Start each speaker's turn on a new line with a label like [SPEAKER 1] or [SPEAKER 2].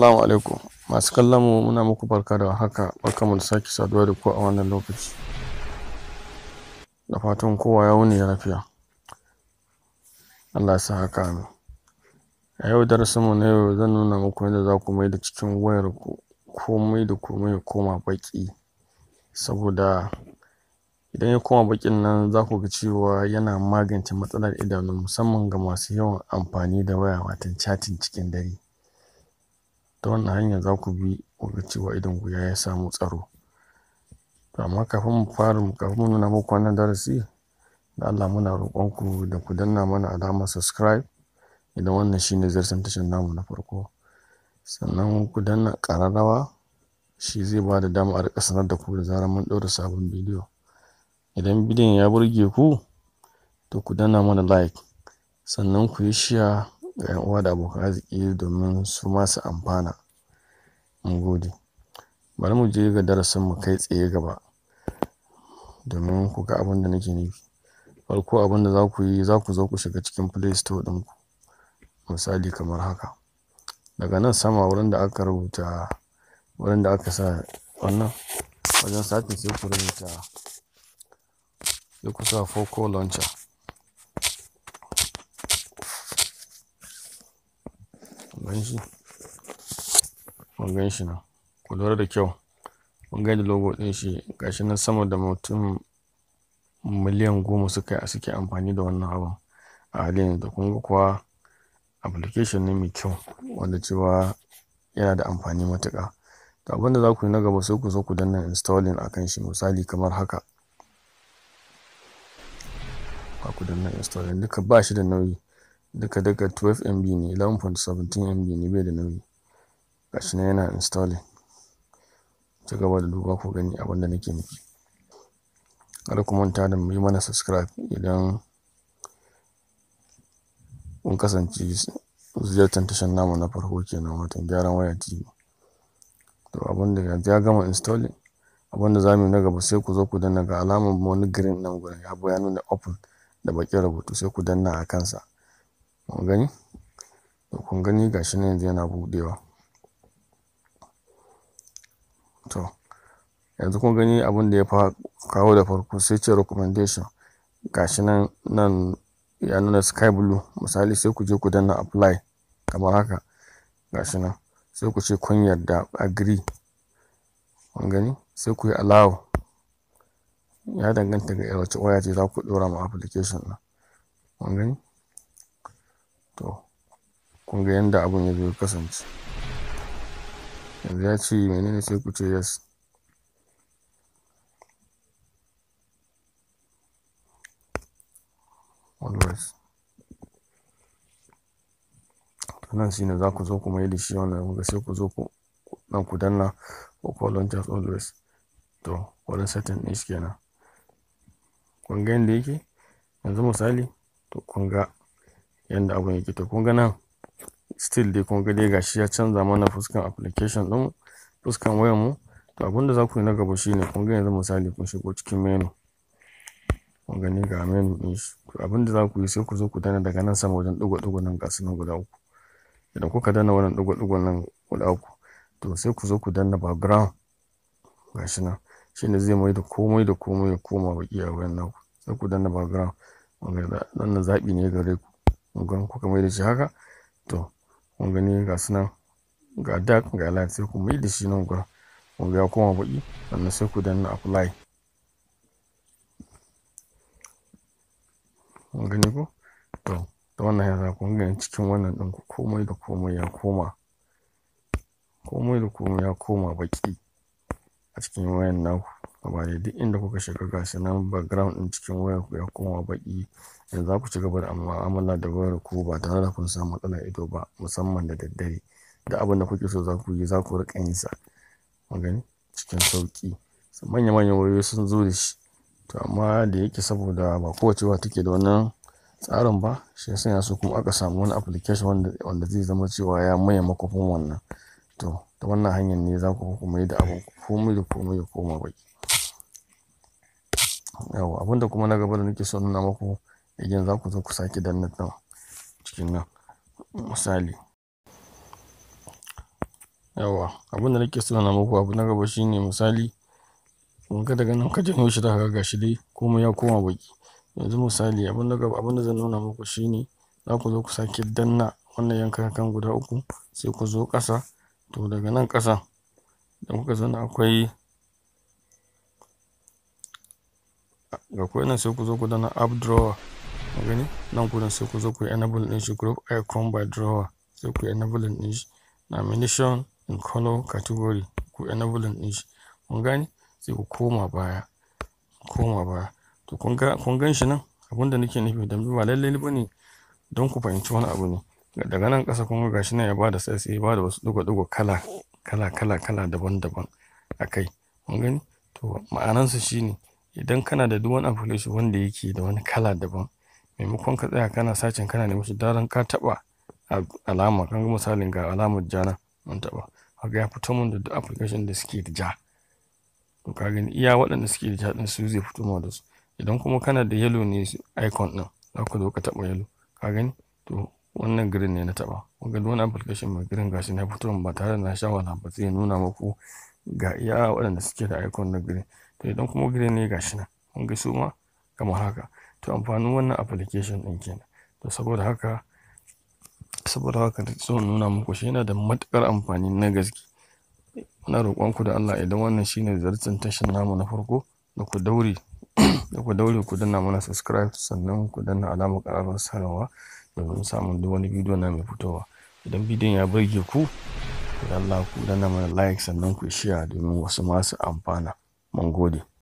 [SPEAKER 1] Assalamu alaikum masu kallon mu muna muku barka da haka barka mu da sake saduwa da ku a wannan lokaci da fatan kowa ya wuni lafiya Allah ya sa haka a yau darasin mu na yau zan nuna muku yadda za ku da cikin wayar ku komai da komai ya koma baki saboda idan ya koma bakin nan za ku ga cewa yana magance matsalar idanu musamman ga masu yawan amfani da waya watan chatting cikin dare ta wannan hanya za ku bi ku ga cewa idan ku ya samu tsaro to amma kafin mu fara mu kafin mu nuna muku wannan darasi da Allah muna roƙon ku da ku danna mana alamar subscribe idan wannan shine zartan tashar namu na farko sannan ku danna ƙararrawa shi zai ba da dama a riƙa sanar da ku da zarar mun ɗaura sabon bidiyo idan bidiyon ya burge ku to ku danna mana like sannan ku yi share ga 'yan uwa da abokan arziki domin su masu amfana mun gode bari mu je ga darasin mu kai tsaye gaba domin ku ga abin da nake nufi farko abin da za ku yi za ku zo ku shiga cikin play store ɗinku misali kamar haka daga nan sama wurin da aka rubuta wurin da aka sa wannan wajen satin sai ku rubuta sai ku sa foco launcher ganshi shi shi nan ku lura da kyau mun gani da logo ɗin shi gashi nan sama da mutum miliyan goma suka a suke amfani da wannan abu a halin da kun ga kuwa application ne mai kyau wanda cewa yana da amfani matuka to abin da za ku yi na gaba sai ku zo ku danna installing a kan shi misali kamar haka ba ku danna installing duka ba shi da nauyi daga-daga 12 mb ne 11.17 mb ne bai da nauyi gashi na yana installing ta gaba da duba ko gani abin da nake nufi har kuma ta da mu yi mana subscribe idan kun kasance ziyartar tashar namu na farko kenan watan gyaran waya tv to abin da ya gama installing abin da mu yi na gaba sai ku zo ku danna ga alamar wani green nan gurin ya bayanu nuna open da bakin rubutu sai ku danna a kansa kun gani kun gani gashi ne yanzu yana budewa to yanzu kun gani abin da ya fa kawo da farko sai ce recommendation gashi nan nan ya nuna sky blue misali sai ku je ku danna apply kamar haka gashi nan sai ku ce kun yarda agree kun gani sai ku yi allow ya danganta ga wace waya ce za ku dora ma application na kun gani kun ga yadda abun ya zo ya kasance yanzu ya ce menene sai ku ce yes always nan shine za ku zo ku mai da shi wannan kuga sai ku zo ku nan ku danna ko ku launchers always to wani satin ne shi kenan kun ga yadda yake yanzu misali to kun ga yadda abun yake to kun ga nan still dai kun ga shi ya canza mana fuskan application din fuskan wayar mu to abin da za ku yi na gaba shine kun ga yanzu misali kun shigo cikin menu kun gani ga menu din shi to abin da za ku yi sai ku zo ku dana daga nan sama wajen digo digo nan gasu nan guda uku idan kuka dana wannan digo digo nan guda uku to sai ku zo ku dana background gashi nan shine zai mai da komai da komai ya koma baki a wayan naku sai ku dana background nan zaɓi ne gare ku kun kuka mai da shi haka to kun gani ga su nan ga dark ga light sai ku mai da shi nan gurin kun ga kuma baki sannan sai ku danna apply kun gani ko to ta wannan yana kun gani cikin wannan din komai da komai ya koma komai da komai ya koma baki a cikin wayan naku amma dai duk inda kuka shiga gashi nan background din cikin wayar ku ya koma baki, yanzu za ku ci gaba da mu'amala da wayar ku ba tare da kun samu matsala ido ba musamman da daddare da abin da kuke so za ku yi za ku riƙa yin sa gani cikin sauƙi manya manyan wayoyi sun zo da shi to amma da yake saboda ba kowace wata take da wannan tsarin ba shi yasa yana so kuma aka samu wani application wanda zai zama cewa ya maye makofin wannan to ta wannan hanyar ne za ku kuma yi da abun komai da komai ya koma baki yawa abinda kuma na gaba da nake son nuna muku idan za ku zo ku sake danna nan cikin nan misali yawa abinda nake son nuna muku abu na gaba shine misali kun ga daga nan ka janyo shi da ga shi dai kuma ya koma baki yanzu misali abin da gaba abin da zan nuna muku shine za ku zo ku sake danna wannan yankan kan guda uku sai ku zo ƙasa to daga nan ƙasa da kuka zana akwai ga kuwa nan sai ku zo ku dana app drawer ga gani nan gurin sai ku zo ku enable din shi group icon by drawer sai ku enable din shi nomination in color category ku enable din shi kun gani sai ku koma baya koma baya to kun gan shi nan abinda nake nufi dan ba lalle bane don ku fahimci wani abu ne daga nan ƙasa kuma gashi nan ya bada sai ya bada wasu dugo-dugo kala kala kala kala daban-daban a kai kun gani to ma'anansa shine idan kana da duwan wani da wanda yake da wani kala daban maimakon ka tsaya kana sacin kana neman shi daren ka taba alama kan misalin ga alamar jana mun taba ga ya fito mun da duk application da suke da ja to ka gani iya waɗanda suke da ja din su zai fito ma da su idan kuma kana da yellow ne icon din za ku zo ka taba yellow ka gani to wannan green ne na taba duk wani application mai green gashi na fito ba tare da na sha wala ba zai nuna muku ga iya waɗanda suke da icon na green to idan kuma green ne ga shi nan kun ga su ma kamar haka to amfanin wannan application din kenan to saboda haka saboda haka da so nuna muku shi yana da matukar amfani na gaske muna roƙon ku da Allah idan wannan shine zartin tashin namu na farko da ku daure da ku daure ku danna mana subscribe sannan ku danna alamar ƙararrawar sanarwa domin samun duk wani bidiyo na mai fitowa idan bidiyon ya burge ku da Allah ku danna mana like sannan ku share domin wasu masu amfana Mun gode.